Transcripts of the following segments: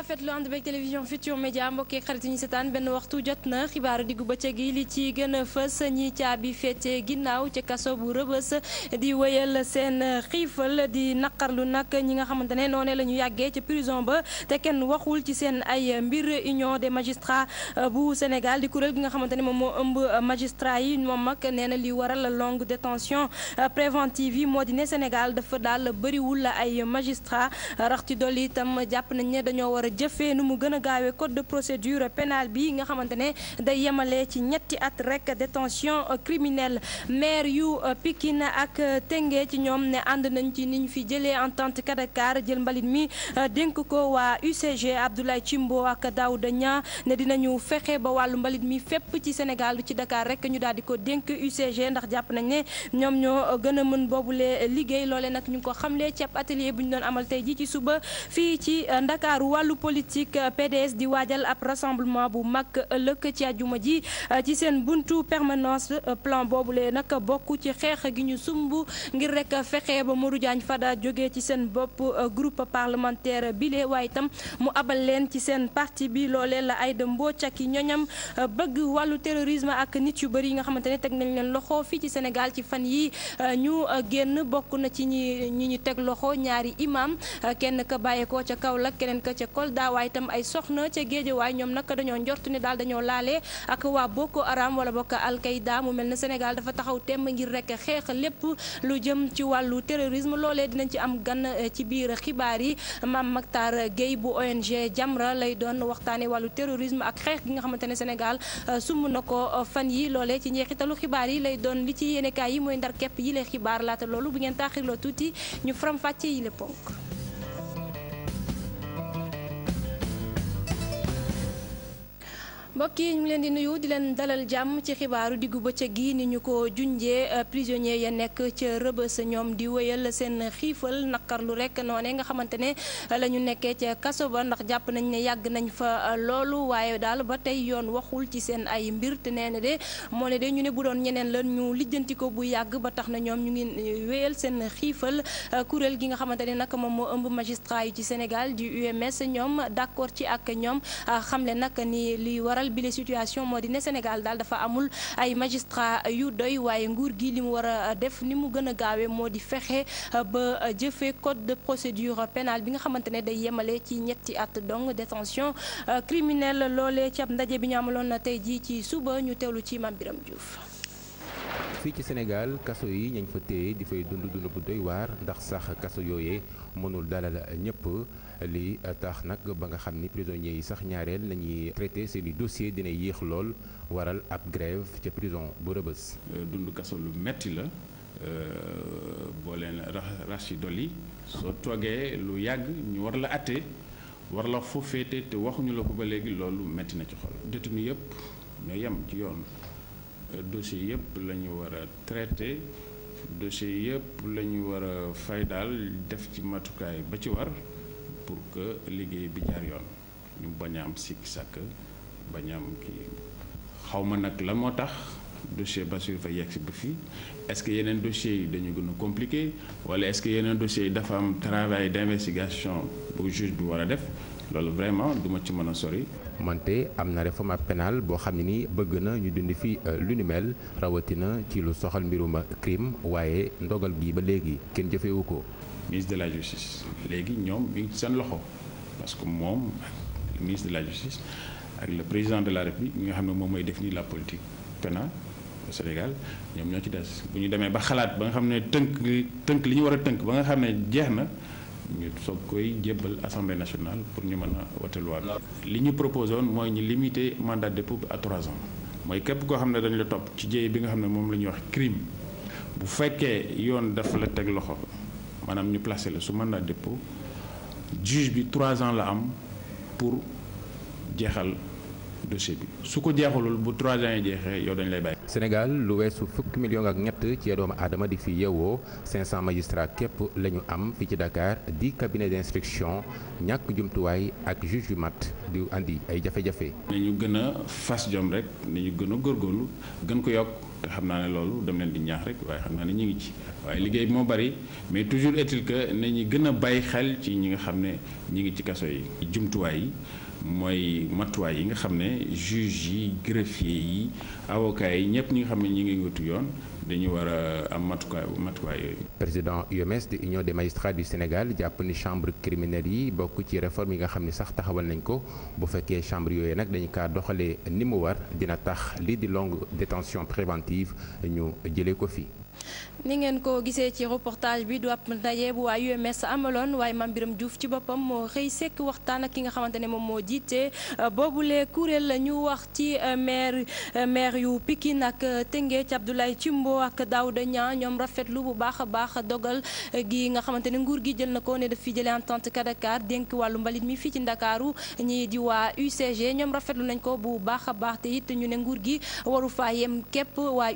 rafetlu ànd beeg télévision Futurs Médias mbokkee xarit ñu seetaan benn waxtu jot na xibaar diggu bëccëg yi li ci gën a fës ñi caabi féete ginnaaw ci kaso bu rëbës di wéyal seen xiifal di naqarlu nag ñi nga xamante ne noonee la ñu yàggee ca prison ba te kenn waxul ci seen ay mbir union des magistrats bu Sénégal di kuréel gi nga xamante ne moom moo ëmb magistrats yi moom mag nee na li waral longue détention préventive yi moo di ne Sénégal dafa dal bëriwul ay magistrats rax ci dolli itam jàpp nañ ne dañoo war a jëfee nu mu gën a gaawee code de procédure pénale bi nga xamante ne day yemale ci ñetti at rek détention criminelle maire yu euh, Pikine ak euh, Tëngéej ci ñoom ne ànd nañ ci niñ fi jëlee entente Kadakar jël mbalit mi euh, dénk ko waa UCG Abdoulaye Cimbo ak Daouda Niang ne dinañu fexe ba wàllu mbalit mi fépp ci Sénégal lu ci Dakar rek ñu daal di ko dénk UCG ndax jàpp nañ ne ñoom ñoo gën a mën boobule liggéey loole nag ñu ko xamlee ci ab atelier bu ñu doon amal tey ji ci suba fii ci Ndakaaru wàllu politique PDS di waajal ab rassemblement bu mag ëllëg ci àjjuma ji euh, ci seen buntu permanence euh, plan boobu boobule nag bokk ci xeex gi ñu sumb ngir rek fexe ba Modou Diagne Fada jóge ci seen bopp euh, groupe parlementaire bile waaye itam mu abal leen ci seen parti bi loole la Aïda Mbodj ak ñoñam bëgg wàllu terrorisme ak nit yu bëri yi nga xamante ne teg nañ leen loxo fii ci Sénégal ci fan yi ñu génn bokk na ci ñi ñi ñu teg loxo ñaari imam kenn ka bàyyeekoo ca Kaolack keneen ka ca Kolda amal daawaay itam ay soxna ca géejawaay ñoom nag dañoo njort ne daal dañoo laalee ak waa Boko araam wala bokk Al-Qaïda mu mel ne Sénégal dafa taxaw temm ngir rek xeex lépp lu jëm ci wàllu terrorisme loolee dinañ ci am gan eh, ci biir xibaar yi Mame Mactar géey bu ONG Jamra lay doon waxtaane wàllu terrorisme ak xeex gi nga xamante ne Sénégal eh, sumb na ko eh, fan yi loole ci njeexitalu xibaar yi lay doon li ci yéenekaay yi mooy ndar képp yi lay xibaar laata loolu bu ngeen taaxirloo tuuti ñu faram fàcce yi le mbokk yi ñu ngi leen di nuyu di leen dalal jàmm ci xibaaru diggu ba ca gi ni ñu ko junjee euh, prisonnier ya nekk ca rëbës ñoom di wéyal seen xiifal naqarlu rek noonee nga xamante ne euh, la ñu nekkee ca kaso ndax jàpp nañ ne yàgg nañ fa euh, loolu waaye daal ba tey yoon waxul ci seen ay mbir te nee de moo de ñu ne bu doon ñeneen la ñu lijjanti bu yàgg ba tax na ñoom ñu ngi wéyal seen xiifal kuréel gi nga xamante ne nag moom moo ëmb magistrat yi ci Sénégal di UMS ñoom d'accord ci ak ñoom xamle nag ni li waral waral situation moo di ne Sénégal daal dafa amul ay magistrat yu doy waaye nguur gi li mu war a def ni mu gën a gaawee moo di fexe ba jëfe code de procédure bi nga xamante ne day yemale ci ñetti at donc détention euh, criminelle loolee ci ab ndaje bi ñu amaloon tey jii ci suba ñu teewlu ci Mame Birame Diouf. ci Sénégal kaso yi ñañ di fay dund dund bu waar ndax sax kaso yooyee mënul dalal ñëpp li tax nag ba nga xam ni prisonniers yi sax ñaareel la ñuy traité seen i dossier dina yéex lool waral ab grève ca prison bu rëbës. Euh, dund kaso lu metti la euh, boo leen rax ci dolli soo toogee lu yàgg ñu war la atte war la foo te waxuñu la ko ba léegi loolu metti na ci xol. détenu yëpp ñoo yem ci yoon euh, dossier yëpp lañu ñu war a traité. dossier yëpp la ñu war a fay daal def ci matukaay ba ci war pour que liggéey bi jaar yoon ñu bañ a am sikk sàkk bañ ki am xaw ma nag la moo tax dossier Bassirou Faye yegg si ba fii est-ce que yeneen dossiers yi dañu gën a compliqué wala est-ce que yeneen dossiers yi dafa am travail d'investigation bu juge bi war a def loolu vraiment duma ci mën a sori. mante am na réforme pénale boo xam ne ni bëgg na ñu dundi fii euh, lu ni mel rawatina ci lu soxal mbirum crime waaye ndogal gi ba léegi kenn jëfewu ko. ministre de la justice léegi ñoom mi ngi seen loxo parce que moom ak ministre de la justice ak le président de la république mi nga xam ne moom mooy nii la politique pénale au Sénégal ñoom ñoo ci des bu ñu demee ba xalaat ba nga xam ne tënk tënk li ñu war a tënk ba nga xam ne jeex na ñu soog koy jébbal assemblée nationale pour ñu mën a wote loi bi. li ñu proposé woon mooy ñu limiter mandat de dépôt bi à trois ans mooy képp koo xam ne dañu la topp ci jéey bi nga xam ne moom la ñuy wax crime bu fekkee yoon dafa la teg loxo. maanaam ñu placé la su mandat dépôt juge bi trois ans la am pour jeexal dossier bi su ko jeexalul bu trois ans yi jeexee yow dañu lay bàyyi. Sénégal lu weesu fukki million ak ñett ci doomu aadama di fi yeewoo 500 magistrats képp lañu am fi ci Dakar di cabinet d'instruction ñàkk jumtuwaay ak juge yu matt di andi ay jafe-jafe. nañu gën a fas jom rek nañu gën a góorgóorlu gën ko yokk te xam naa ne loolu dem leen di ñaax rek waaye xam naa ne ñu ngi ci. waaye liggéey bi moo bari mais toujours est-il que nañu gën a bàyyi xel ci ñi nga xam ne ñi ngi ci kaso yi jumtuwaay yi mooy matuwaay yi nga xam ne juge yi greffier yi avocat yi ñëpp ñi nga xam ne ñi ngi wutu yoon dañu war a am matukaay matuwaay yooyu. président UMS de union des magistrats du Sénégal jàpp ni chambre criminelle yi bokk ci réforme yi nga xam ni sax taxawal nañ ko bu fekkee chambre yooyu nag dañu kaa doxalee ni mu war dina tax lii di longue détention préventive ñu jëlee ko fi. ni ngeen ko gisee ci reportage bi du ab ndaje bu waa UMS amaloon waaye Mame Birame Diouf ci boppam moo xëy sekk waxtaan ak ki nga xamante ne moom moo jiite euh, boobule kuréel la ñu wax ci euh, maire euh, maire yu Pikine ak Tëngéej Abdoulaye Thimbo ak Daouda ñaa ñoom rafetlu bu baax a baax dogal gi nga xamante ne nguur gi jël na ko ne daf fi jëlee entente Kadakar dénk wàllu mbalit mi fii ci Ndakaaru ñii di waa UCG ñoom rafetlu nañ ko bu baax a baax te it ñu ne nguur gi waru faa yem képp waa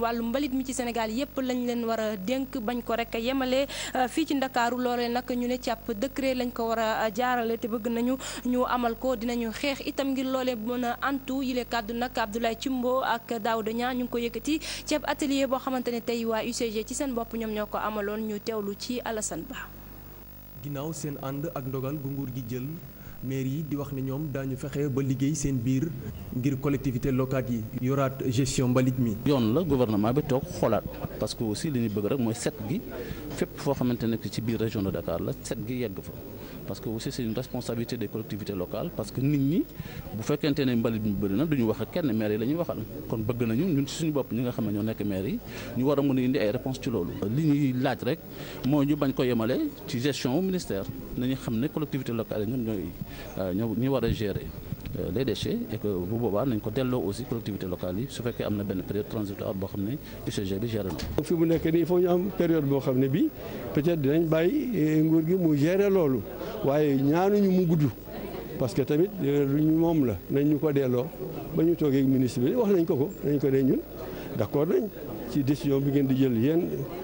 wàllu mbalit mi ci Sénégal yëpp yépp lañ leen war a dénk bañ ko rek yemale euh, fii ci ndakaaru loolee nag ñu ne càpp décret lañ ko war a jaarale te bëgg nañu ñu amal ko dinañu xeex itam ngir loolee mën a antu yile kàddu nag Abdoulaye Cimbo ak Daouda Niang ñu ngi ko yëkkati ceeb atelier boo xamante ne tey waa UCG ci seen bopp ñoom ñoo ko amaloon ñu teewlu ci Alassane Ba ginnaaw seen ànd ak ndogal gu nguur gi maire yi di wax ne ñoom daañu fexe ba liggéey seen biir ngir collectivité locale yi yoraat gestion mbalit mi. yoon la gouvernement bi toog xoolaat parce que aussi li ñu bëgg rek mooy set gi fépp foo xamante ne ci biir région de Dakar la set gi yegg fa. parce que aussi c'est une responsabilité des collectivités locales parce que nit ñi bu fekkente ne mbalit mi bëri na du ñu wax ak kenn maire yi la ñuy waxal kon bëgg nañu ñun ci suñu bopp ñi nga xam ne ñoo nekk maire yi ñu war a mën a indi ay réponses ci loolu. li ñuy laaj rek mooy ñu bañ ko yemale ci gestion ministère nañu xam ne collectivités locales yi ñoom ñooy euh, ñoo ñi war a gérer. Euh, les déchets et que bu boobaa nañ ko delloo aussi collectivité locale yi su fekkee am na benn période transitoire boo xam ne UCG bi géré na fi mu nekk nii il faut ñu am période boo xam ne bii peut-être dinañ bàyyi euh, nguur gi mu géré loolu waaye ñaanuñu mu gudd parce que tamit euh, lu ñu moom la nañ ñu ko delloo ba ñu toogee ministre bi wax nañ ko ko nañ ko ne ñun d'accord nañ ci décision bi ngeen di jël yéen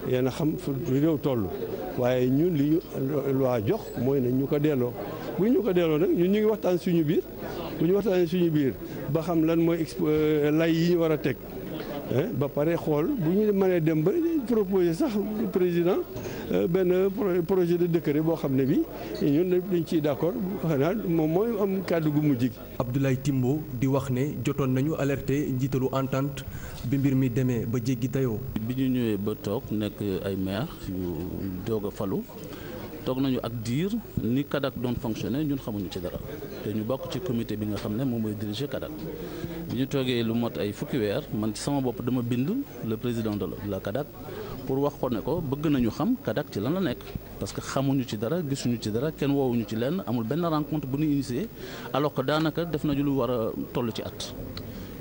yéen a xam fu réew toll waaye ñun li ñu loi jox mooy nañ ñu ko delloo bu ñu ñu ngi suñu biir bu ñu waxtaanee suñu biir ba xam lan mooy euh, lay yi ñu war a teg ba pare xool bu ñu mënee dem ba proposé sax président euh, benn projet de décret boo xam ne bi ñun dañ ciy d'accord xanaa moom mooy am kàddu gu mujj gi. Abdoulaye Timbo di wax ne jotoon nañu alerté njiitalu entente bi mbir mi demee ba jéggi dayoo. bi ñu ñëwee ba toog nekk ay maire yu doog a falu. toog nañu ak diir ni Kadak doon fonctionner ñun xamuñu ci dara te ñu bokk ci comité bi nga xam ne moom mooy diriger Kadak bi ñu toogee lu mot ay fukki weer man ci sama bopp dama bind le président de la Kadak pour wax ko ne ko bëgg nañu xam Kadak ci lan la nekk parce que xamuñu ci dara gisuñu ci dara kenn woowuñu ci lenn amul benn rencontre bu nu initié alors que daanaka def nañu lu war a toll ci at.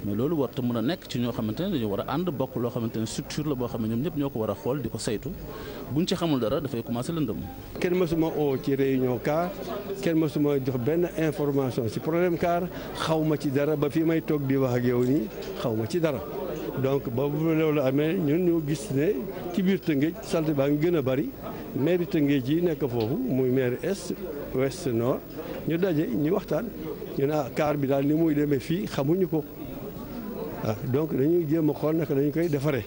mais loolu war te mën a nekk ci ñoo xamante ne dañu war a ànd bokk loo xamante ne structure la boo xam ne ñoom ñëpp ñoo ko war a xool di ko saytu buñ ci xamul dara dafay commencé lëndëm. kenn mësuma oo ci réunion CAR kenn mësuma jox benn information ci problème CAR xaw ma ci dara ba fii may toog di wax ak yow nii xaw ma ci dara donc boobu loolu amee ñun ñoo gis ne ci biir Tëngéej salte baa ngi gën a bari maire Tëngéej yi nekk foofu muy maire est ñu daje ñu waxtaan ñu ne ah, bi daal ni muy demee fii xamuñu ko. waaw ah, donc dañuy jéem a xool naka dañu koy defaree.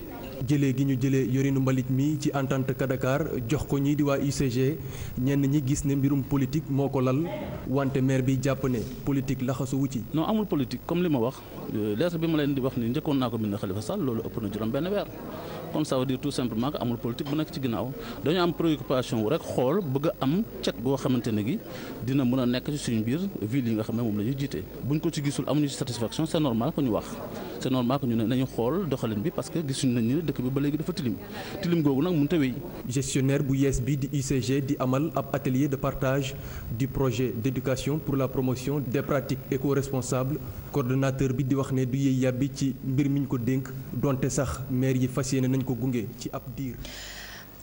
jële gi ñu jëlee yorinu mbalit mi ci entente Kadakar jox ko ñii di waa UCG ñenn ñi gis ne mbirum politique moo ko lal wante maire bi jàpp ne politique laxasu wu ci. non amul politique comme li ma wax euh, lettre bi ma leen di wax ni njëkkoon naa ko bind Khalifa Sall loolu ëpp na juróom benn weer kon ça veut dire tout simplement que amul politique bu nekk ci ginnaaw dañu am préoccupation wu rek xool bëgg am cet goo xamante ne gi dina mën a nekk ci suñu biir ville yi nga xam ne moom la ñuy jiite buñ ko ci gisul amuñu ci satisfaction c'est normal ñu wax. c'est normal que ñu ne nañu xool doxalin bi parce que gisuñu nañ ne dëkk bi ba léegi dafa tilim tilim googu nag mënut a wéy. gestionnaire bu yees bi di UCG di amal ab atelier de partage du projet d'éducation pour la promotion de pratique éco-responsables coordonnateur bi di wax ne du yëy yàbbi ci mbir mi ñu ko dénk donte sax maire yi fas yéene nañ ko gunge ci ab diir.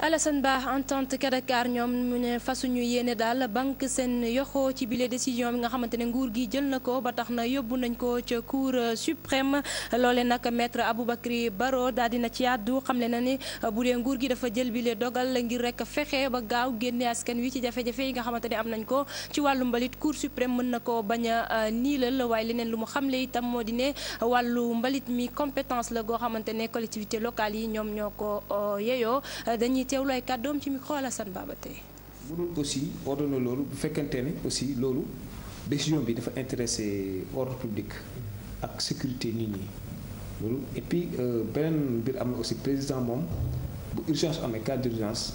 Alassane Ba entente Kadakar ñoom mu ne fasuñu yéene daal banque seen yoxoo ci bile décision bi nga xamante ne nguur gi jël na ko ba tax na yóbbu nañ ko ca cour suprême loole nag maître Aboubacry Baro daal na ci àddu xamle na ni bu dee nguur gi dafa jël bile dogal ngir rek fexe ba gaaw génne askan wi ci jafe-jafe yi nga xamante ne am nañ ko ci wàllu mbalit cour suprême mën na ko bañ a euh, niilal waaye leneen lu mu xamle itam moo di ne wàllu mbalit mi compétence la goo xamante ne collectivité locale yi ñoom ñoo ko euh, teewlu ay kàddoom ci micro Alassane Baba tey. bu dul aussi ordonné loolu bu fekkente ne aussi loolu décision bi dafa intéressé ordre public ak sécurité nit ñi loolu et puis euh, beneen mbir am na aussi président moom bu urgence amee cas d'urgence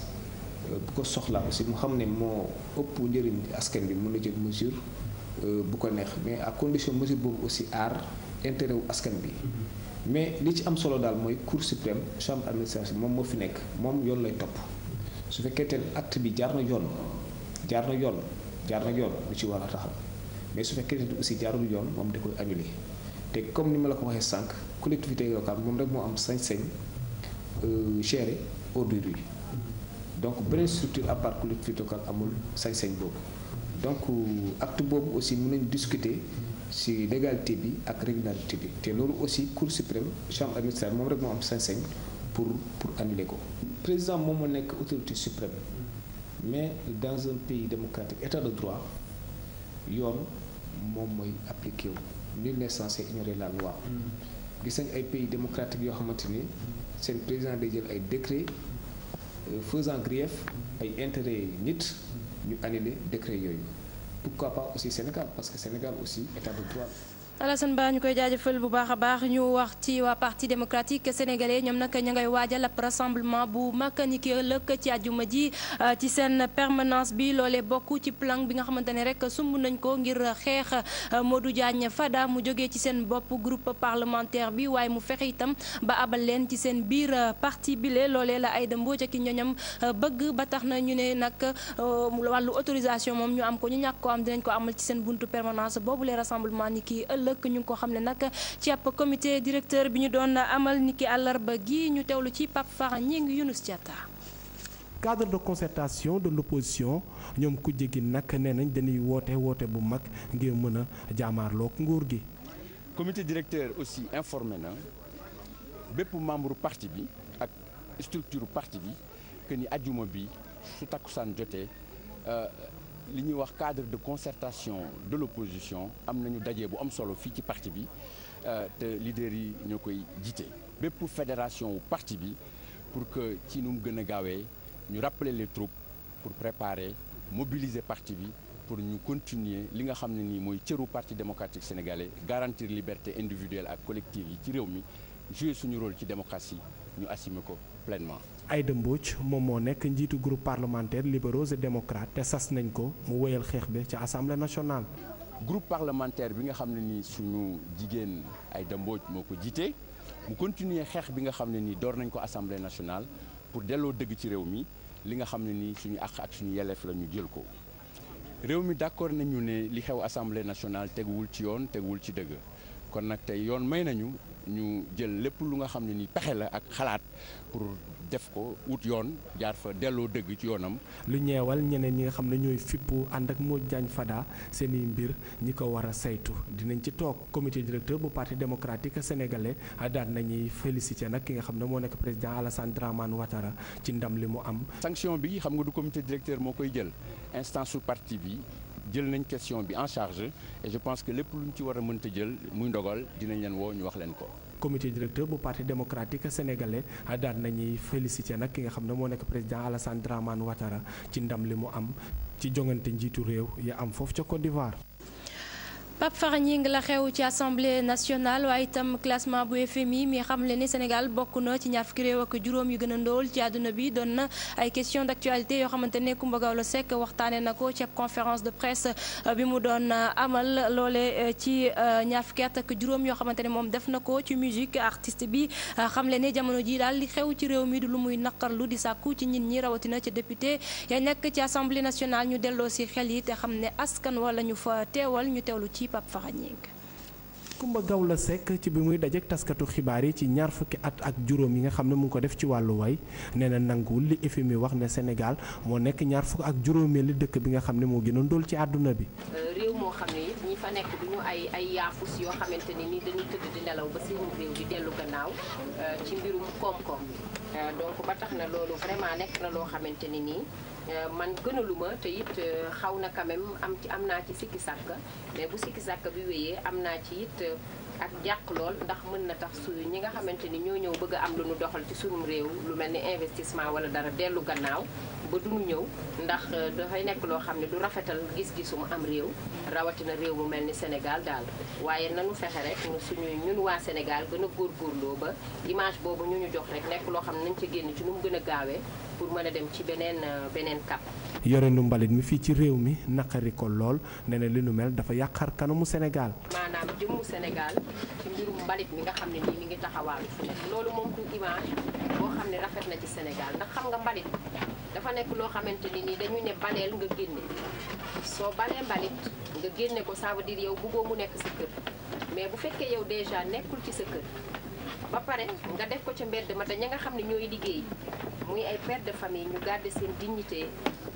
euh, bu ko soxla aussi mu xam ne moo ëpp njëriñ askan bi mën na jël mesure euh, bu ko neex mais ak condition mesure boobu aussi aar intérêt wu askan bi. mais li ci am solo daal mooy cour suprême chambre administrative moom moo fi nekk moom yoon lay topp su fekkee acte bi jaar na yoon jaar na yoon jaar na yoon lu ci war a taxaw mais su fekkee aussi jaarul yoon moom da koy añuli te comme ni ma la ko waxee sànq collectivité locale moom rek moo am sañ-sañ euh, gérer ordure yi donc beneen structure à part collectivité locale amul sañ-sañ boobu donc euh, act boobu aussi mun nañu discuter. si légalité bi ak régularité bi te loolu aussi cour suprême chambre administrative moom rek moo am sañ pour pour annuler ko. président moom moo nekk autorité suprême mais dans un pays démocratique état de droit yoon moom mooy appliqué wu. nul n'est censé ignorer la loi. gis nañ ay pays démocratique yoo xamante ni seen président day jël ay décret euh, faisant grief ay intérêts nit ñu annuler décret yooyu. pourquoi pas aussi Sénégal parce que Sénégal aussi état de droit Alassane baa ñu koy jaajëfal bu baax a baax ñu wax ci waa parti démocratique sénégalais ñoom nag ñu ngay waajal ab rassemblement bu mag ni ki ci àjjuma ji euh, ci seen permanence bi loolee bokk ci plan bi nga xamante ne rek sumb nañ ko ngir xeex euh, Modou Diagne Fada mu jóge ci seen bopp groupe parlementaire bi waaye mu fexe itam ba abal leen ci seen biir euh, parti bile loolee la Aïda Mbodj ak ñoñam bëgg ba tax na ñu ne nag wàllu autorisation moom ñu am ko ñu ñàkk ko am ko amal ci seen buntu permanence boobu les rassemblement ëllëg ñu ngi xam ne nag ci ab comité bi ñu doon amal niki àllarba gi ñu teewlu ci Pape Fara Gningue Younous Diatta cadre de concertation de l'opposition ñoom ku jéggi nag nee nañ dañuy woote woote bu mag ngir mën a jaamaarloog nguur gi. comité directeur aussi informé na bépp membre parti bi ak structure parti bi que ni ajuma bi su takkusaan jotee. Euh, li ñuy wax cadre de concertation de l'opposition am nañu daje bu am solo fii ci parti bi euh, te leader yi ñoo koy jiite bépp fédération wu parti bi pour que ci nu mu gën a gaawee ñu rappeler les troupes pour préparer mobiliser parti bi pour ñu continuer li nga xam ne nii mooy cëru parti démocratique sénégalais garantir liberté individuelle ak collective yi ci réew mi jouer suñu rôle ci démocratie ñu assumer ko pleinement Aïda Mbodj moom moo nekk njiitu groupe parlementaire libéraux et démocrates te sas nañ ko mu woyal xeex bi ci assemblée nationale. groupe parlementaire bi nga xam ne nii suñu jigéen ay Mbodj moo ko jiite mu continuer xeex bi nga xam ne nii door nañ ko assemblée nationale pour delloo dëgg ci réew mi li nga xam ne nii suñu àq ak suñu yelleef la ñu jël ko. réew mi d'accord nañu ne li xew assemblée nationale teguwul ci yoon teguwul ci dëgg kon nag te yoon may nañu ñu jël lépp lu nga xam ne ni pexe la ak xalaat pour def ko wut yoon jaar fa delloo dëgg ci yoonam. lu ñeewal ñeneen ñi nga xam ne ñooy fippu ànd ak Modou Diagne Fada seen mbir ñi ko war a saytu dinañ ci toog comité directeur bu parti démocratique sénégalais daan nañuy félicité nag ki nga xam ne moo nekk président Alassane man Ouattara ci ndam li mu am. sanction bi xam nga du comité directeur moo koy jël instance parti bi. jël nañ question bi en charge et je pense que lépp lu luñ ci war a mënta jël muy ndogal dinañ leen woo ñu wax leen ko. comité directeur bu parti démocratique sénégalais daan nañuy félicité nag ki nga xam ne moo nekk président Alassane Dramane Ouattara ci ndam li mu am ci jongante njiitu réew ya am foofu ca Côte Pape Farah ngi la xew ci assemblée nationale waaye itam classement bu FMI mi xam le ni Sénégal bokk na ci ñaar fukki réew ak juróom yu gën a ndóol ci àdduna bi doon na ay question d' actualité yoo xamante ne Coumba Gawlo Seck waxtaanee na ko ci ab conférence de presse euh, bi mu doon euh, amal loole euh, ci ñaar fukki at ak juróom yoo xamante ne moom def na ko ci musique artiste bi xam le ne jamono ji daal li xew ci réew mi lu muy lu di sàkku ci nit ñi rawatina ci député ya nekk ci assemblée nationale ñu delloo si xel yi te xam ne askan wala ñu fa teewal ñu teewlu ci. ci Pape Farah Gningue Kumba ci bi muy dajeek taskatu xibaar yi ci ñaar fukki at ak juróom yi nga xam ne mu ngi ko def ci wàllu way nee na nanguwul li FMI wax ne Sénégal moo nekk ñaar fukk ak juróomeeli dëkk bi nga xam ne moo gën a ndóol ci àdduna bi. Euh, réew moo xam ne ñi fa nekk du ñu ay ay yaafus yoo xamante ne ni dañuy di nelaw ba seen réew di dellu gannaaw euh, ci mbirum koom-koom euh, donc ba tax na loolu vraiment nekk na loo xamante nii. Euh, man gënaluma te it euh, xaw na quand même am ci am naa ci sikki sàkk mais bu sikki sàkk bi wéyee am naa ci it euh, ak jàq lool ndax mën na tax su ñi nga xamante ni ñoo ñëw bëgg am lu ñu doxal ci sunum réew lu mel ni investissement wala dara dellu gannaaw ba duñu ñëw ndax dafay nekk loo xam ne du rafetal gis-gisum am réew rawatina réew mu mel ni Sénégal daal waaye nanu fexe rek suñu ñun waa Sénégal gën a góorgóorloo ba image boobu ñu ñu jox rek nekk loo xam ne nañ ci génn ci nu mu gën a gaawee pour mën a dem ci beneen euh, beneen cap. yoreenu mbalit mi fii ci réew mi naqari ko lool nee na li nu mel dafa yàqar kanamu Sénégal. maanaam jëmmu Sénégal ci mbirum mbalit mi nga xam ne nii mi ngi taxawaalu fu nekk loolu moom du image boo xam ne rafet na ci Sénégal ndax xam nga mbalit dafa nekk loo xamante ni nii dañu ne baleel nga génne soo balee mbalit nga génne ko ça veut dire yow mu nekk sa kër mais bu fekkee yow déjà nekkul ci sa kër ba muy ay pères de famille ñu garder seen dignité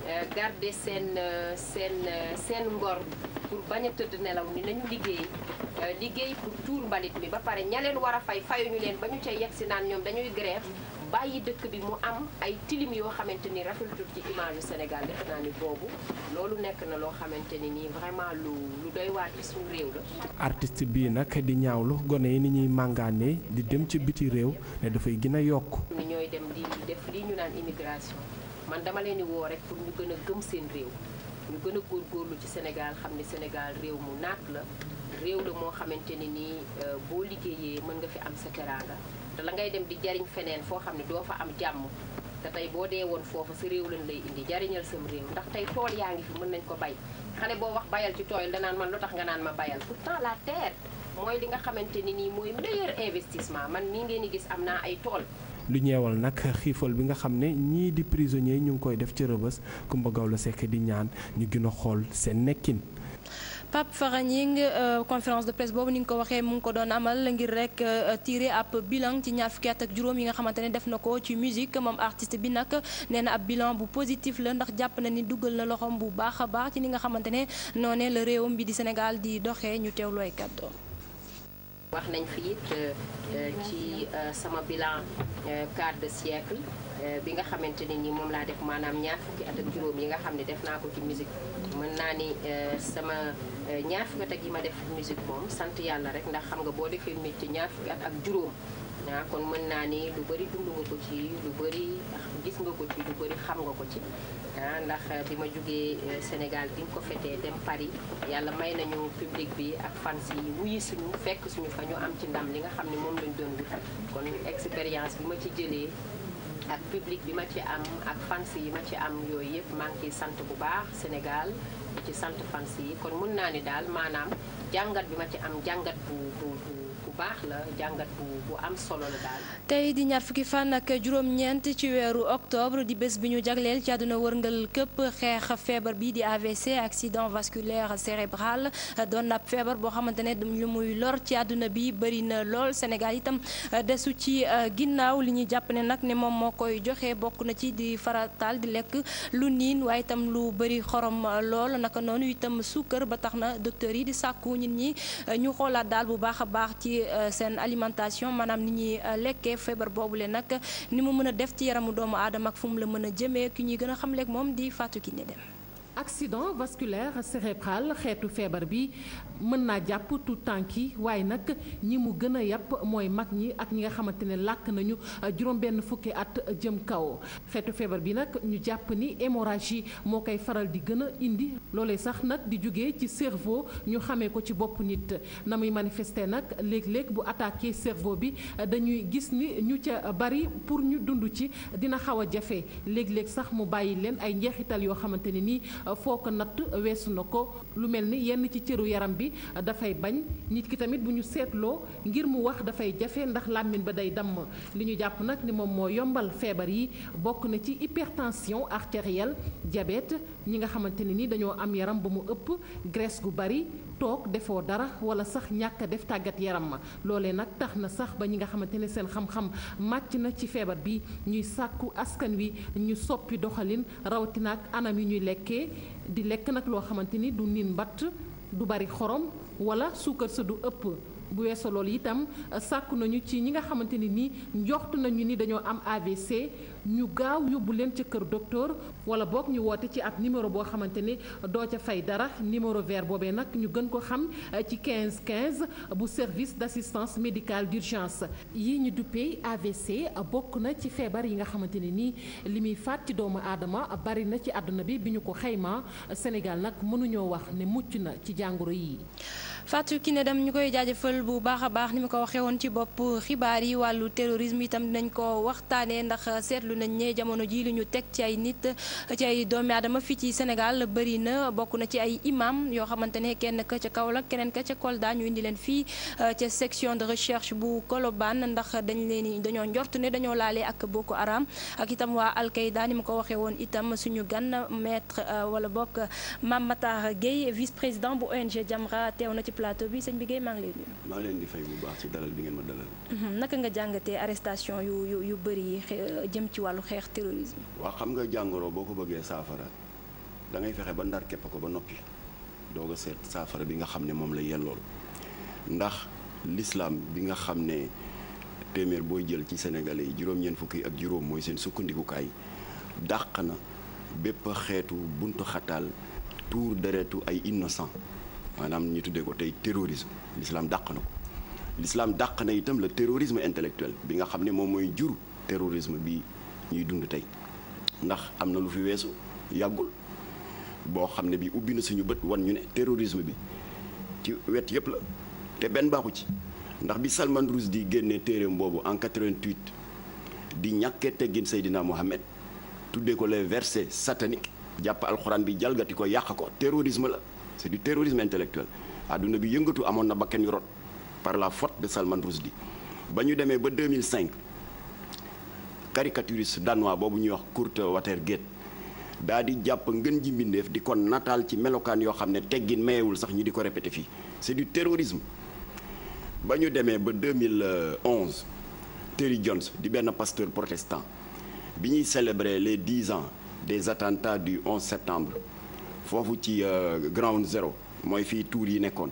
euh, garder seen euh, seen euh, seen ngor pour bañ a tëdd nelaw ni lañu liggéey liggéey pour tuur mbalit mi ba pare ña leen war a fay fayuñu leen ba ñu ca yegg si naan ñoom dañuy grève bàyyi dëkk bi mu am ay tilim yoo xamante ni rafetul ci image Sénégal defe naa ni boobu loolu nekk na loo xamante ni nii vraiment lu doy waar suñu réew la. artiste bii nag di ñaaw ñaawlu gone yi ni ñuy màngaane di dem ci biti réew ne dafay gën a yokk. ñooy dem di def lii ñu naan immigration man dama leen di woo rek pour ñu gën a gëm seen réew ñu gën a góorgóorlu ci Sénégal xam ne Sénégal réew mu naat la réew la moo xamante ni nii euh, boo liggéeyee mën nga fi am sa teraanga. la ngay dem di jariñ feneen foo xam ne doo fa am jàmm te tey boo dee woon foofu sa réew lañ lay indi jariñal sam réew ndax tey tool yaa ngi fi mën nañ ko bay xale boo wax bayal ci tooyul danaan man lu tax nga naan ma bayal pourtant la terre mooy li nga xamante ni nii mooy meilleur investissement man mii ngeen gis am naa ay tool lu ñeewal nag xiifool bi nga xam ne ñii di prisonnier ñu ngi koy def ci rëbës Kumba Gawlo Seck di ñaan ñu gën a xool seen nekkin Pape Fara Gning euh, conférence de presse boobu ni nga ko waxee mu ngi ko doon amal ngir rek euh, tiré ab bilan ci ñaar fukki at ak juróom yi nga xamante ne def na ko ci musique moom artiste bi nag nee na ab bilan bu positif la ndax jàpp na ni dugal na loxoom bu baax a baax ci li nga xamante ne noonee la bi di Sénégal di doxee ñu teew looy kàddoom nañ fi euh, ci sama bilan quart de siècle Eh, bi nga xamante ne nii moom laa def maanaam ñaar fukki at ak juróom yi nga xam ni def naa ko ci musique mën naa ni eh, sama eh, ñaar fukki at ak yi ma def musique moom sant yàlla rek ndax xam nga boo defee métier ñaar fukki at ak juróom ah kon mën naa ni lu bëri dund nga ko ci lu bëri gis nga ko ci lu bëri xam nga ko ci ah ndax bi ma jógee Sénégal bi nga ko fetee dem Paris yàlla may nañu public bi ak fan si wuyu suñu fekk suñu fa ñu am ci ndam li nga xam ne moom lañ doon wut kon expérience bi ma ci jëlee ak public bi ma ci am ak fans yi ma ci am yooyu yëpp maa ngi ciy sant bu baax Sénégal ci sant fans yi kon mun naa ni daal maanaam jàngat bi ma ci am jàngat bu bu bu baax la tey di ñaar fukki fan ak juróom-ñeent ci weeru octobre di bés bi ñu jagleel ci àdduna wërngal képp xeex feebar bi di AVC accident vasculaire cérébral doon na ab feebar boo xamante ne lu muy lor ci àdduna bi bëri na lool Sénégal itam desu ci euh, ginnaaw li ñu jàpp ne nag ne moom moo koy joxe bokk na ci di faratal di lekk lu niin waaye itam lu bëri xorom lool naka noonu itam suukar ba tax na docteur yi di sàkku nit ñi ñu xoolaat daal bu baax baax Euh, seen alimentation maanaam ni ñuy euh, lekkee feebar boobu le nag ni mu mën a def ci yaramu doomu aadama ak fu mu la mën a jëmee ki ñuy gën a xam xamleeg moom di Fatou Kiné Deme accident vasculaire cérébral xeetu feebar bi mën naa jàpp tout tànk yi waaye nag ñi mu gën a yàpp mooy mag ñi ak ñi nga xamante ne làkk nañu juróom-benn fukki at jëm kaw xeetu feebar bi nag ñu jàpp ni hémorragie moo koy faral di gën a indi loole sax nag di jóge ci cerveau ñu xamee ko ci bopp nit na muy manifester nag léeg-léeg bu attaqué cerveau bi dañuy gis ni ñu ca bari pour ñu dund ci dina xaw a jafe léeg-léeg sax mu bàyyi leen ay njeexital yoo xamante ne foo ko natt weesu na ko lu mel ni yenn ci cëru yaram bi dafay bañ nit ki tamit bu ñu seetloo ngir mu wax dafay jafe ndax làmmiñ ba day damm li ñu jàpp nag ni moom moo yombal feebar yi bokk na ci hypertension artérielle diabète ñi nga xamante ne ni dañoo am yaram ba mu ëpp graisse gu bari toog defoo dara wala sax ñàkk a def tàggat yaram ma loolee nag tax na sax ba ñi nga xamante ne seen xam-xam màcc na ci feebar bi ñuy sàkku askan wi ñu soppi doxalin rawatina anam yi ñuy lekkee di lekk nag loo xamante ni du niin mbatt du bari xorom wala suukar sa du ëpp bu weesoo loolu itam sàkku nañu ci ñi nga xamante ni nii njoxtu nañu ni dañoo am AVC ñu gaaw yóbbu leen ci kër docteur wala boog ñu woote ci ab numéro boo xamante ne doo ca fay dara numéro vert boobee nag ñu gën ko xam eh, ci 15 15 bu service d'assistance médicale d'urgence yi ñu duppee AVC bokk na ci feebar yi nga xamante ne nii li muy faat ci doomu aadama bari na ci àdduna bi bi ñu ko xayma Sénégal nag mënuñoo wax ne mucc na ci jàngoro yi. Fatou Kiné Deme ñu koy jaajëfal bu baax a baax ni ma ko waxee woon ci bopp xibaar yi wàllu terrorisme itam dinañ ko waxtaanee ndax seetlu. seetlu ne jamono ji li ñu teg ci ay nit ci ay doomi aadama fii ci Sénégal bëri na bokk na ci ay imaam yoo xamante ne kenn ka ca Kaolack keneen ka ca Kolda ñu indi leen fii euh, ca section de recherche bu Colobane ndax dañu leen dañoo njort ne dañoo laale ak Boko araam ak itam waa Al-Qaïda ni ma ko waxee woon itam suñu gan maître euh, wala bokk Mame Matar Gueye vice-président bu ONG Jamra teew na ci plateau bi sëñ bi Gueye maa leen di Mhm. naka nga jàngatee arrestation yu yu bëri yi jëm ci wàllu xeex terrorisme. waaw xam nga jàngoro boo ko bëggee saafara dangay fexe ba ndar képp ko ba noppi doog a seet saafara bi nga xam ne moom la yellool ndax l'islam bi nga xam ne téeméer booy jël ci sénégalais yi juróom-ñeent fukki ak juróom mooy seen sukkandikukaay dàq na bépp xeetu buntu xataal tuur deretu ay innocent maanaam ñu tuddee ko tey terrorisme lislaam dàq na ko. lislaam dàq na itam la terrorisme intellectuel bi nga xam ne moom mooy jur terrorisme bi ñuy dund tey ndax am na lu fi weesu yàggul boo xam ne bi ubbi na suñu bët wan ñu ne terrorisme bi ci wet yëpp la te benn baaxu ci ndax bi Salman Rushdie di génnee téereem boobu en 88 di ñàkkee teggin Seydina Mohamed tuddee ko les versets sataniques jàpp alxuraan bi jalgati ko yàq ko terrorisme la c'est du terrorisme intellectuel adduna bi yëngatu amoon na ba kenn yu par la faute de Salman Rushdie ba ñu demee ba 2005 caricaturiste danois boobu ñuy wax Kurt Watergate daa di jàpp ngën ji mbindeef di ko nataal ci melokaan yoo xam ne teggin mayewul sax ñu di ko répété fii c'est du terrorisme ba ñu demee ba 2011 Terry Jones di benn pasteur protestant bi ñuy célébrer les 10 ans des attentats du 11 septembre foofu ci euh, Ground Zero mooy fii tuur yi nekkoon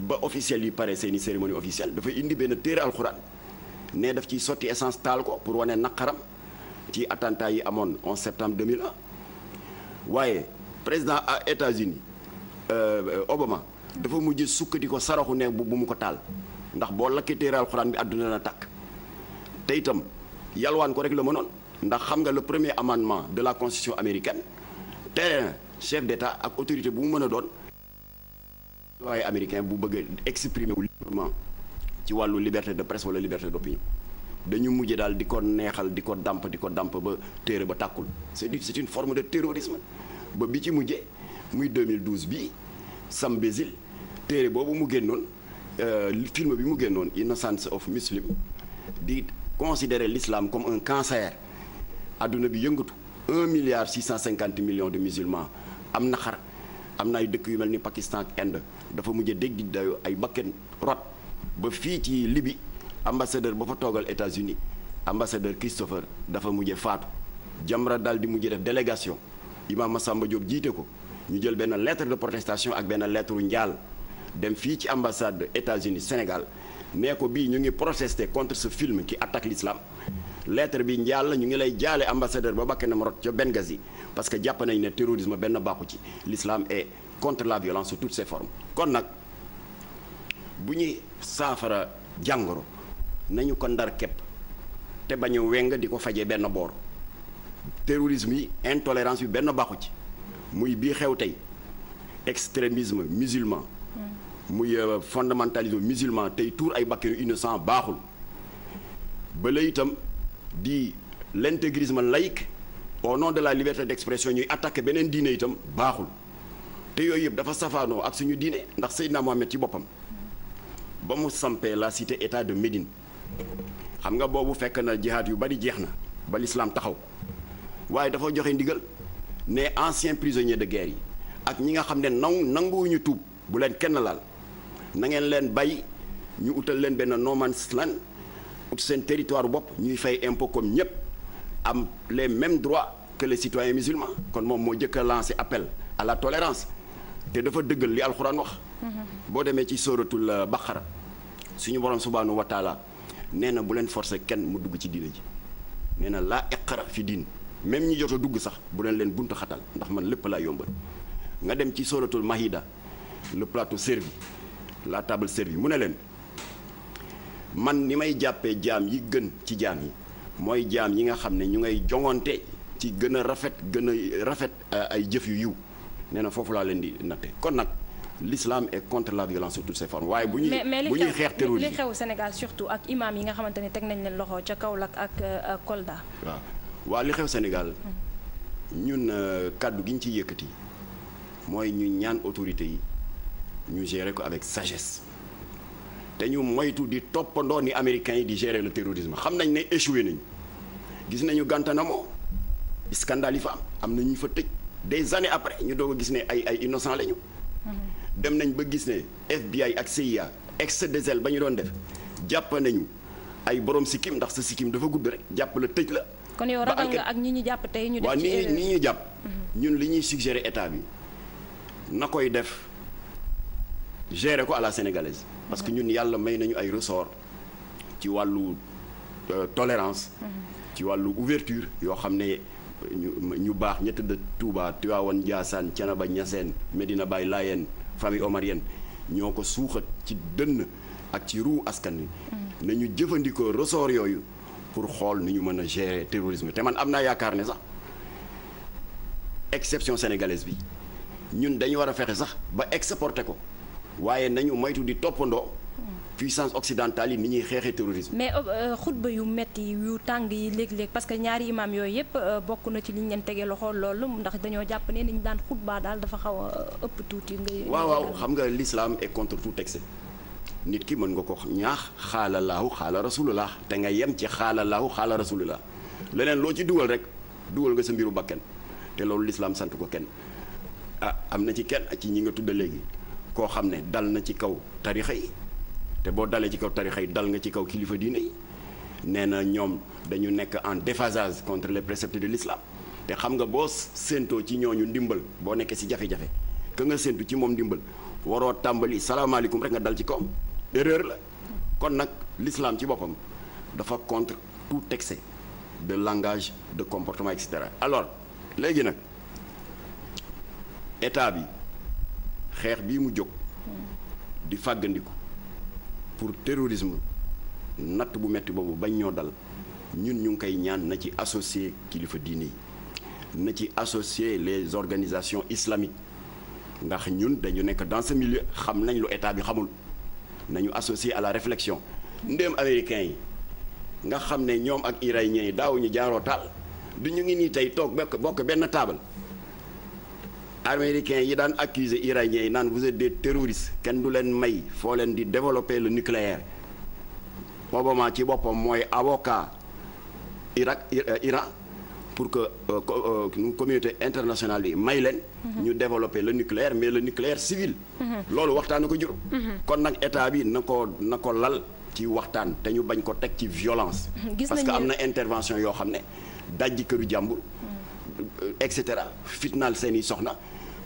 ba officielle yi pare seeni cérémonie officielle dafa indi benn téere alxuraan ne daf ciy sotti essence taal ko pour wane naqaram ci attentat yi amoon 11 septembre 2001 waaye président à États-Unis euh, Obama dafa mujj sukkati ko saraxu ne bu mu ko taal ndax boo lakkee téere alxuraan bi àdduna na takk te itam yalwaan ko rek la mënoon ndax xam nga la premier amendement de la constitution américaine tere chef d'état ak autorité bu mu mën a doon waaye américain bu bëgg a exprimer wu librement ci wàllu liberté de presse wala liberté d'opinion dañu mujj daal di ko neexal di ko dàmp di ko dàmp ba téere ba tàkkul c'est c'est une forme de terrorisme ba bi ci mujje muy 2012 bii Sam Bézil téere boobu mu génnoon euh, film bi mu génnoon Innocence of Muslim di considere lislaam comme un cancer adduna bi yëngatu un milliard six cent cinquante millions de musulmans am na xar am na ay dëkk yu mel ni Pakistan ak Inde dafa mujj dégg dayu ay bakken rot ba fii ci Libye ambassadeur ba fa toogal États-Unis ambassadeur Christopher dafa mujj faatu Jamra daal di mujj def délégation Imam Massamba Diop jiite ko ñu jël benn lettre de protestation ak benn lettre njaal dem fii ci ambassade États-Unis Sénégal nee ko bii ñu ngi protester contre ce film qui attaque l'islam lettre bi njaal la ñu ngi lay jaale ambassadeur ba bakkanam rot ca Benghazi parce que jàpp nañ ne terrorisme benn baaxu ci l'islam contre la violence sous toutes ses formes kon nag bu ñuy saafara jàngoro nañu ko ndar te bañ a weng di ko fajee benn boor terrorisme yi intolerance bi benn baaxul ci muy bii xew tey extrémisme musulman muy euh, fondamentalisme musulman tey tuur ay bakkanu innocent baaxul bala itam di l'intégrisme laïque au nom de la liberté d'expression ñuy attaquer beneen diine itam baaxul te yooyu yëpp dafa safaanoo ak suñu diine ndax sëy Seydina Mohamed ci boppam ba mu sampee la cité état de Médine xam nga boobu fekk na jihaad yu bari jeex na ba lislaam taxaw waaye dafa joxe ndigal ne anciens prisonniers de guerre yi ak ñi nga xam ne nangu nanguwuñu tuub bu leen kenn laal na ngeen leen bàyyi ñu utal leen benn no man's land ut seen territoire bopp ñuy fay impôt comme ñëpp am les mêmes droit que les citoyens kon moom moo jëkk a lancé appel à la tolérance te dafa dëggal li alxuraan wax. boo demee ci sóoratul euh, baqara suñu borom subaanu wa taala nee na bu leen forcer kenn mu dugg ci diina ji nee na laa iqra fi diin même ñi jot a dugg sax bu leen leen buntu xatal ndax man lépp laa yombal nga dem ci sóoratul mahida le plateau servi la table servie mu ne leen man ni may jàppee jaam yi gën ci jaam yi mooy jaam yi nga xam ne ñu ngay joŋonte ci gën a rafet gën a rafet euh, ay jëf yu yiw nee na foofu laa leen di natte kon nag l'islam est contre la violence sous toutes ses waaye bu ñuy bu ñuy xeex terrorisme li xew Sénégal surtout ak imam yi nga xamante ne teg nañ leen loxo ca Kaolack ak euh, Kolda. waaw waa li xew Sénégal ñun euh, kàddu gi ci ciy yëkkati mooy ñu ñaan autorité yi ñu gérer ko avec sagesse te ñu moytu di toppandoo ni américains yi di gérer la terrorisme xam nañ ne échoué nañu gis nañu Guantanamo scandale yi fa am am na ñu fa tëj. des années après ñu doog a gis ne ay ay innocent lañu. dem nañ ba gis ne FBI ak CIA excès de zèle ba ñu doon def jàpp nañu ay borom sikkim ndax sa sikkim dafa gudd rek jàpp la tëj la. kon yow ragal nga ak ñi ñu jàpp tey ñu. def ci ni ñu jàpp. Mhm. ñun li ñuy suggérer état bi na koy def gere ko à la parce que mhm. ñun yàlla may nañu ay ressort ci wàllu euh, tolérance. Mhm. ci wàllu ouverture yoo xam ne. ñu ñu baax ñett de Touba Tivaouane Ndiassane Thiénaba ñaseen Medina Baye Layène famille omarienne ñoo ko suuxat ci dënn ak ci ruu askan wi. Mm. nañu jëfandikoo ressort yooyu pour xool ni ñu mën a gérer terrorisme te man am naa yaakaar ne sax exception sénégalaise bi ñun dañu war a fexe sax ba exporter ko waaye nañu moytu di toppandoo. puissance occidentale yi ni ñuy xeexee terrorisme. mais euh, xutba yu métti yu tàng yi léegi léeg parce que ñaari imaam yooyu yëpp euh, bokk na ci li ñu leen tegee loxo loolu ndax dañoo jàpp ne ni ñu daan xutba daal dafa xaw a euh, ëpp tuuti. ngay waaw waaw xam nga lislaam est contre tout excès nit ki mën nga ko ñaax xaala laahu xaala rasulullah te nga yem ci xaala laahu xaala rasulullah leneen loo ci dugal rek dugal nga sa mbiru bakkan te loolu l'islam sant ko kenn ah am na ci kenn ci ñi nga tudda léegi koo xam ne dal na ci kaw tarixa yi te boo dalee ci kaw tarixa yi dal nga ci kaw kilifa diine yi nee na ñoom dañu nekk en déphasage contre les préceptes de l'islam te xam nga boo séentoo ci ñooñu ndimbal boo nekkee si jafe-jafe ka nga séentu ci moom ndimbal waroo tàmbali salaamaaleykum rek nga dal ci kaw erreur la kon nag l'islam ci boppam dafa contre tout excès de langage de comportement et cetera léegi nag état bi xeex bi mu jóg di fàggandiku pour terrorisme natt bu metti boobu bañ ñoo dal ñun ñu ngi koy ñaan na ci associer kilifa diine yi na ci associer les organisations islamiques ndax ñun dañu nekk dans ce milieu xam nañ lu état bi xamul nañu associé à la réflexion ndéem américains yi nga xam ne ñoom ak iranien yi daaw ñu jaaroo taal du ñu ngi nii tey toog bokk bokk benn taabal américains yi daan accuser iraniens yi naan vous êtes des terroristes kenn du leen may foo leen di développer le nucléaire Obama ci boppam mooy avocat Irak euh, Iran pour que euh, euh, communauté internationale bi may leen. Mhm. ñu développer la nucléaire mais le nucléaire civil. Mhm. loolu waxtaan na ko jur. Mhm. kon nag état bi na ko na ko lal ci waxtaan te ñu bañ ko teg ci violence. parce que am na intervention yoo xam ne dajji këru jàmbur. et cetera fitnaal seen i soxna.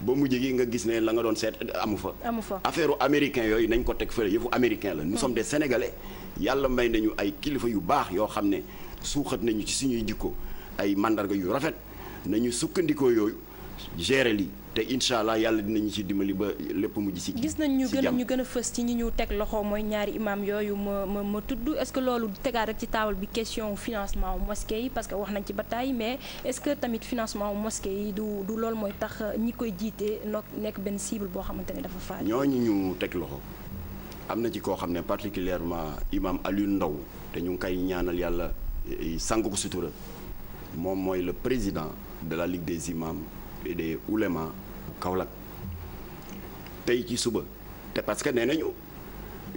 ba mujj gi nga gis ne la nga doon seet amu fa. amu fa affaire américain yooyu nañ ko teg fële yëfu américain la. nous hmm. sommes des sénégalais yàlla may nañu ay kilifa yu baax yoo xam ne suuxat nañu ci suñuy jikko ay mandarga yu rafet nañu sukkandikoo yooyu. gérer lii te incha allah yàlla dinañu ci dimbali ba lépp mujj si. gis nañ ñu gën ñu gën a fës ci ñu ñu teg loxo mooy ñaari imam yooyu ma ma ma tudd est-ce que loolu tegaat rek ci taabal bi question financement mosquée yi parce que wax nañ ci bataay mais est-ce que tamit financement mosquée yi du du loolu mooy tax ñi koy jiite noo nekk benn cible boo xamante ne dafa faal. ñooñu ñu teg loxo am na ci koo xam ne particulièrement imam ali Ndaw te ñu ngi koy ñaanal yàlla eh, eh, sang ko moom mooy le président de la ligue des et des oulémas tey ci suba te parce que nee nañu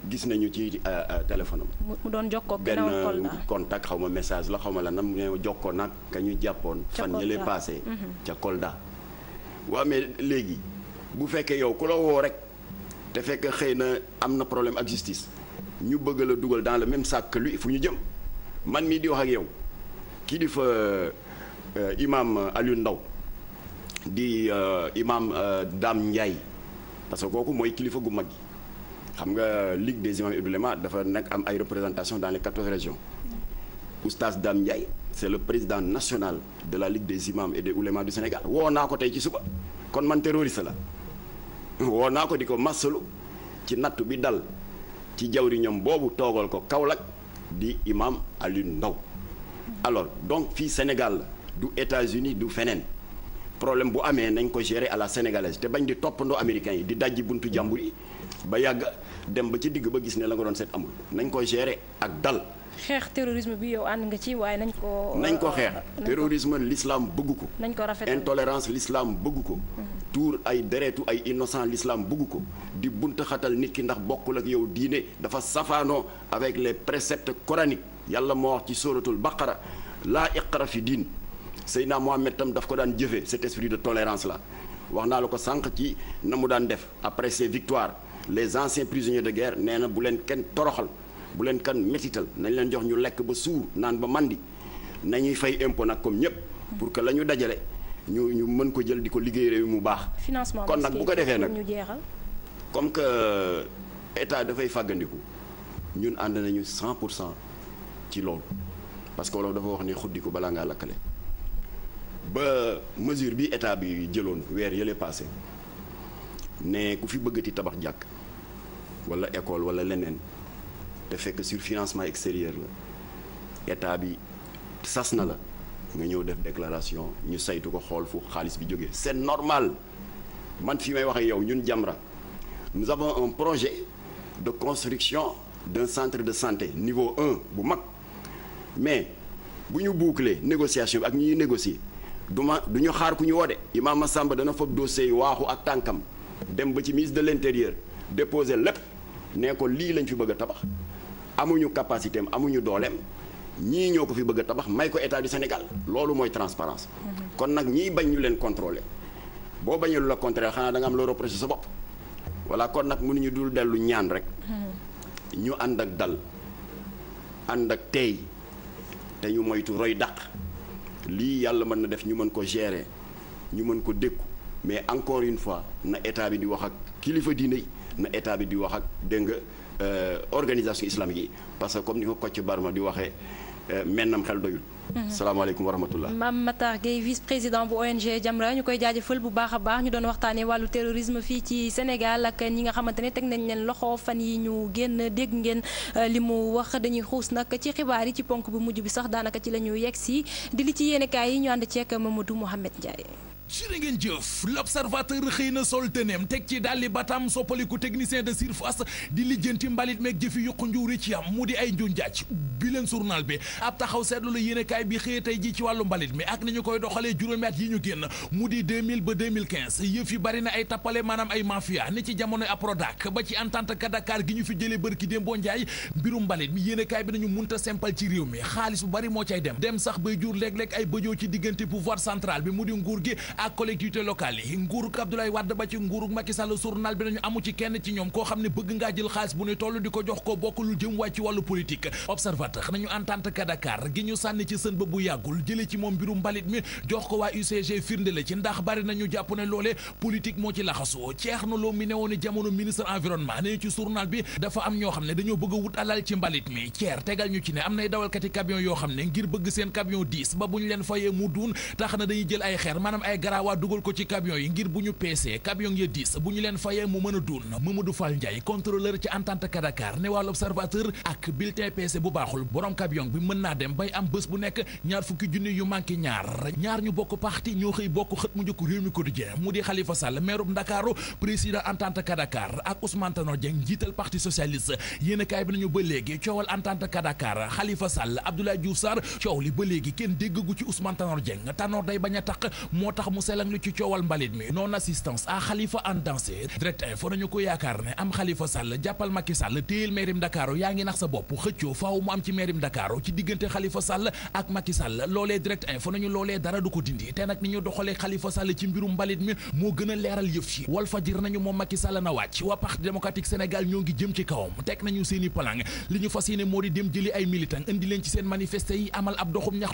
gis nañu ci euh, euh, téléphone am. mu doon jokkoo benn contact xaw ma message la xaw ma la nam ne jokkoo nag ka ñu jàppoon. fan yële paase. Mhm. ca Kolda. waa mais léegi bu fekkee yow ku la woo rek te fekk xëy na am na problème ak justice ñu bëgg la dugal dans le même sac que fu ñu jëm man mii di wax ak yow kii di fa euh, imaam Aliou Ndao di euh, imam euh, Dame Ndiaye parce que kooku mooy kilifa gu mag gi xam nga Ligue des imams et oulémas dafa nekk am ay représentation dans les quatorze régions oustaz Dame Ndiaye c' est le président national de la Ligue des imams et des oulémas du Sénégal woo naa ko tey ci suba kon man terroriste la woo naa ko di ko massalu ci nattu bi dal ci jawri ñoom boobu toogal ko Kaolack di imam Alioune Ndao alors donc fii Sénégal du États-Unis du feneen problème bu amee nañ ko gérer à la sénégalaise te bañ di toppandoo américains yi di dajji buntu jàmbur yi ba yàgg dem ba ci digg ba gis ne la nga doon seet amul nañ ko gérer ak dal. xeex terrorisme bi yow ànd nga ci waaye nañ ko. nañ ko euh, xeex terrorisme l'islam bëgg ko. nañ ko rafetal intolérance l'islam bëgg ko. Mhm. tuur ay deretu ay innocent l'islam bëgg ko. di bunta xatal nit ki ndax bokkul ak yow diine dafa safaanoo avec les préceptes coraniques yàlla moo wax ci sóoratul baqara laa iqra diin. sey Seydina Mohamed tam daf ko daan jëfee cet esprit de tolérance la wax naa la ko sànq ci na mu daan def après ses victoires les anciens prisonniers de guerre nee na bu leen kenn toroxal bu leen kenn métital nañ leen jox ñu lekk ba suur naan ba màndi nañuy fay impôt nag comme ñëpp pour que la ñu dajale ñu ñu mën ko jël di ko liggéey réew mu baax. financement kon nag bu ko defee nag comme que euh, état dafay fàggandiku ñun ànd nañu cent pour cent ci loolu parce que wolof dafa wax ni ko balaa ngaa lakkale. ba mesure bi état bi jëloon weer yële passé ne ku fi bëggati tabax jàkk wala école wala leneen te fekk sur financement extérieur la état bi sas na la nga ñëw def déclaration ñu saytu ko xool fu xaalis bi jógee c'est normal man fi may waxee yow ñun Jamra nous avons un projet de construction d'un centre de santé niveau un bu mag mais bu ñu boucler négociation bi ak ñuy négocier du ma du ñu xaar ku ñu woo de Imam Massamba dana foog dossier yi waaxu ak tànkam dem ba ci ministre de l'intérieur déposer lépp ne ko lii lañ fi bëgg a tabax amuñu capacité amuñu dooleem ñii ñoo ko fi bëgg tabax may ko état du Sénégal loolu mooy transparence mhm. kon nag ñii bañ ñu leen contrôler boo bañee lu la contrôler xanaa da nga am loo reproché sa bopp voilà kon nag ñu dul dellu ñaan rek mhm. ñu ànd ak dal ànd ak teey te ñu moytu roy dàq lii yàlla mën na def ñu mën ko gérer ñu mën ko dékku mais encore une fois na état bi di wax ak kilifa diine yi na état bi di wax ak dégg nga euh, organisation islamique yi parce que comme ni ko Kocc Barma di waxee euh, mennam xel doyul. salaamaaleykum wa rahmatullah Mame Matar Gueye vice président bu ONG Jamra ñu koy jaajëfal bu baax a baax ñu doon waxtaanee wàllu terrorisme fii ci Sénégal ak ñi nga xamante ne teg nañ leen loxo fan yi ñu génn dégg ngeen euh, li mu wax dañuy xuus nag ci xibaar yi ci ponk bu mujj bi sax daanaka ci la ñu yegg si di li ci yéenekaay yi ñu ànd ceek Mamadou Mouhamed Ndiaye jërë ngeen jëf l'observateur xëy na sol tëneem teg ci dalli batam soppaliku technicien de surface di lijjanti mbalit meeg jëfi yuqu njuwri ci am mu ay njun jaac bi leen journal bi ab taxaw seetlu la yéenekaay bi xëy tey ji ci wàllu mbalit mi ak ni ñu koy doxalee juróomi at yi ñu génn mu di 2000 ba 2015 yëf yi bari na ay tappale maanaam ay mafia ni ci jamonoy Aprodac ba ci entente ka Dakar gi ñu fi jëlee bërki Dembo Njaay mbirum mbalit mi yéenekaay bi nañu munta sempal ci réew mi xaalis bu bari moo cay dem dem sax bay jur léeg-léeg ay bëjoo ci diggante pouvoir central bi mu di nguur gi ak collectivité locale yi nguurug Abdoulaye Wade ba ci nguurug Macky Sall journal bi nañu amu ci kenn ci ñoom koo xam ne bëgg nga jël xaalis bu ne toll di ko jox ko bokk lu jëm waay ci wàllu politique observateur nañu entente ka Dakar gi ñu sànni ci sën ba bu yàggul jële ci moom mbiru mbalit mi jox ko waa UCG firnde ci ndax bari nañu jàpp ne loole politique moo ci laxasoo ceex na loo mi ne woon jamono ministre environnement ne ci journal bi dafa am ñoo xam ne dañoo bëgg a ci mbalit mi ceer tegal ñu ci ne am nay dawalkati yoo xam ne ngir bëgg seen camion 10 ba bu ñu leen fayee mu na dañuy jël ay xeer maanaam ay garab Karawa dugal ko ci camion yi ngir bu ñu peesee camion ya diis bu ñu leen fayee mu mën a duun Mamadou Fall Ndiaye contrôleur ci Entente Ka Dakar ne waa l'Observateur ak bulletin peesé bu baaxul borom camion bi mën naa dem bay am bés bu nekk ñaar fukki junni yu manqué ñaar ñaar ñu bokk parti ñoo xëy bokk xët mu njëkk réew mi quotidien mu di Khalifa Sall maire bu Ndakaaru président Entente Ka Dakar ak Ousmane Tanor Dieng njiital parti socialiste yéen kaay bi nañu ba léegi coowal Entente Ka Dakar Khalifa Sall Abdoulaye Diouf Sarr coow ba léegi kenn dégg gu ci Ousmane Tanor Dieng Tanor a mu selang lu ci coowal mbalit mi non assistance à Khalifa en danger direct info nañu ko yaakaar ne am Khalifa Sall jàppal Macky Sall téyel mairim Dakar yaa ngi nax sa bopp xëccoo faaw mu am ci mairim Dakar ci diggante Khalifa Sall ak Macky Sall loolee direct info nañu loolee dara du ko dindi te nag ni ñu doxalee Khalifa Sall ci mbirum mbalit mi moo gën a leeral yëf yi wal fajir nañu moom Macky Sall na wàcc waa Parti démocratique Sénégal ñoo ngi jëm ci kawam teg nañu seeni plan li ñu fas indi leen seen manifester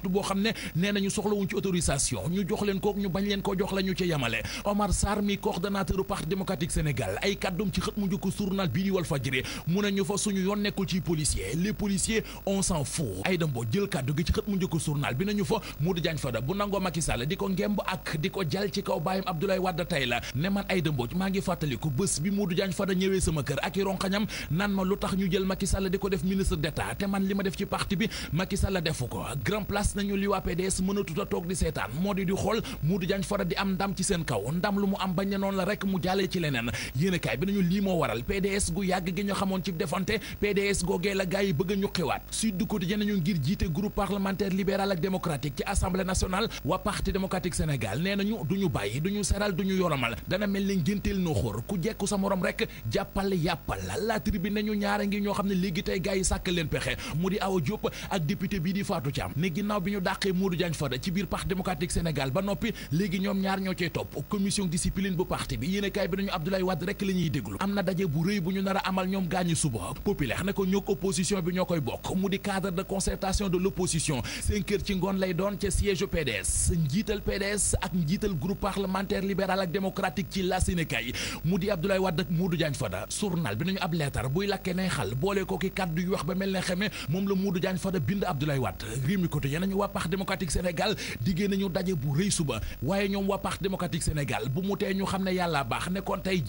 boo xam ne nee nañu soxlawuñ ci autorisation ñu jox ko ñu leen ko jox la ñu ci yemale Omar Sarr mi coordonnateur parti démocratique Sénégal ay kàddum ci xët mu njëkk journal bii di Walf Fadjri mu ne ñu fa suñu yoon nekkul ci policier les policiers on s'en fout ay dem boo jël kàddu gi ci xët mu njëkk journal bi nañu fa Modou Diagne Fada bu nangoo Macky Sall di ko ngemb ak di ko jal ci kaw bàyyam Abdoulaye Wade tey la ne man ay dëmbooj maa ngi fàttaliku bés bi Modou Diagne Fada ñëwee sama kër ak i ronxañam nan ma lu tax ñu jël Macky Sall di ko def ministre d'État te man li ma def ci parti bi Macky Sall defu ko grand place nañu li waa PDS mënatut a toog di seetaan moo di di xool Modou Diagne Lamine Fodé di am seen kaw ndam lu mu am bañ ne noonu la rek mu jàllee ci leneen yéenekaay bi nañu lii moo waral PDS gu yàgg gi ñu xamoon ci defante PDS googee la gars yi bëgg a ñu xiwaat Sud du Quotidien nañu ngir jiite groupe parlementaire libéral ak démocratique ci assemblée nationale waa parti démocratique Sénégal nee nañu du ñu bàyyi du ñu seral du ñu yoromal dana mel ni ngénteel noo xóor ku jekku sa morom rek jàppal yàppal la tribune nañu ñaare ngi ñoo xam ne léegi tey gars yi sàkk leen pexe mu di Awa Diop ak député bii di Fatou Thiam ne ginnaaw bi ñu dàqee Modou Diagne Fada ci biir parti démocratique Sénégal ba noppi léegi ñoom ñaar ñoo cay topp commission discipline bu parti bi yéen a kaay bi nañu Abdoulaye Wade rek la ñuy déglu am na daje bu rëy bu ñu nar a amal ñoom gaañu suba populaire ne ñook opposition bi ñoo koy bokk mu di cadre de concertation de l'opposition cinq heures ci ngoon lay doon ca siège PDS njiital PDS ak njiital groupe parlementaire libéral ak démocratique ci la Sénégal mu di Abdoulaye Wade ak Modou Diagne Fada journal bi nañu ab leetar buy wax ba mel ne xeme moom la Modou Diagne Fada bind Abdoulaye waaye ñoom waa parti démocratique Sénégal bu mu tee ñu xam ne yàlla baax nekkoon tey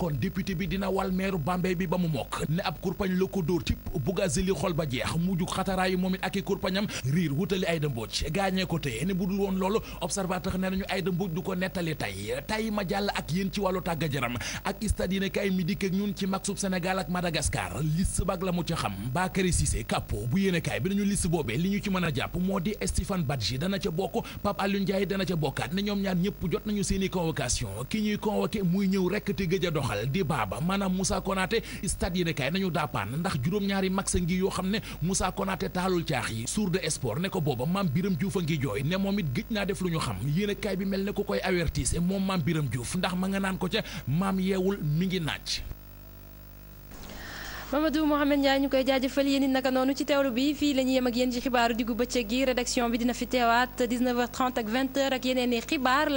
kon député bi dina wal meeru Bambey bi ba mu mokk ne ab kurpañ la ko dóor tip Bougazeli xol ba jeex mu jug xataraayu moom it ak kurpañam riir wutali Aïda Mbodj gaañee ko téye ne budul woon loolu observateur ne nañu Aïda Mbodj du ko nettali tey tey ma jàll ak yéen ci wàllu tàgga jaram ak stade yéene kaay mi dikk ak ñun ci maxub Sénégal ak Madagascar liste bag la mu ca xam Bakary Cissé Kappo bu yéenekaay bi nañu liste boobee li ñu ci mën a jàpp moo di Stéphane Badji dana ca bokk Pape Alioune Ndiaye dana ca bokkaat ne ñoom ñaar ñëpp jot nañu seeni convocation ki ñuy convoqué muy ñëw rekk te gëj a doxal di baaba maanaam Moussa Konaté stade yéenekaay nañu daapaan ndax juróom-ñaari max ngi yoo xam ne Moussa Konaté taalul caax yi sourde sport ne ko booba maam Biram Diouf a ngi jooy ne moom it gëj naa def lu ñu xam yéenekaay bi mel ne ku koy avertir moom maam Biram Diouf ndax ma nga naan ko ca maam yeewul mi ngi naaj Mamadou Mouhamed Ndiaye ñu koy jaajëfal yéen it naka noonu ci teewlu bi fii la ñuy yem ak yéen ci xibaaru diggu bëccëg gi rédaction bi dina fi teewaat 19h30 ak 20h ak yeneen i xibaar.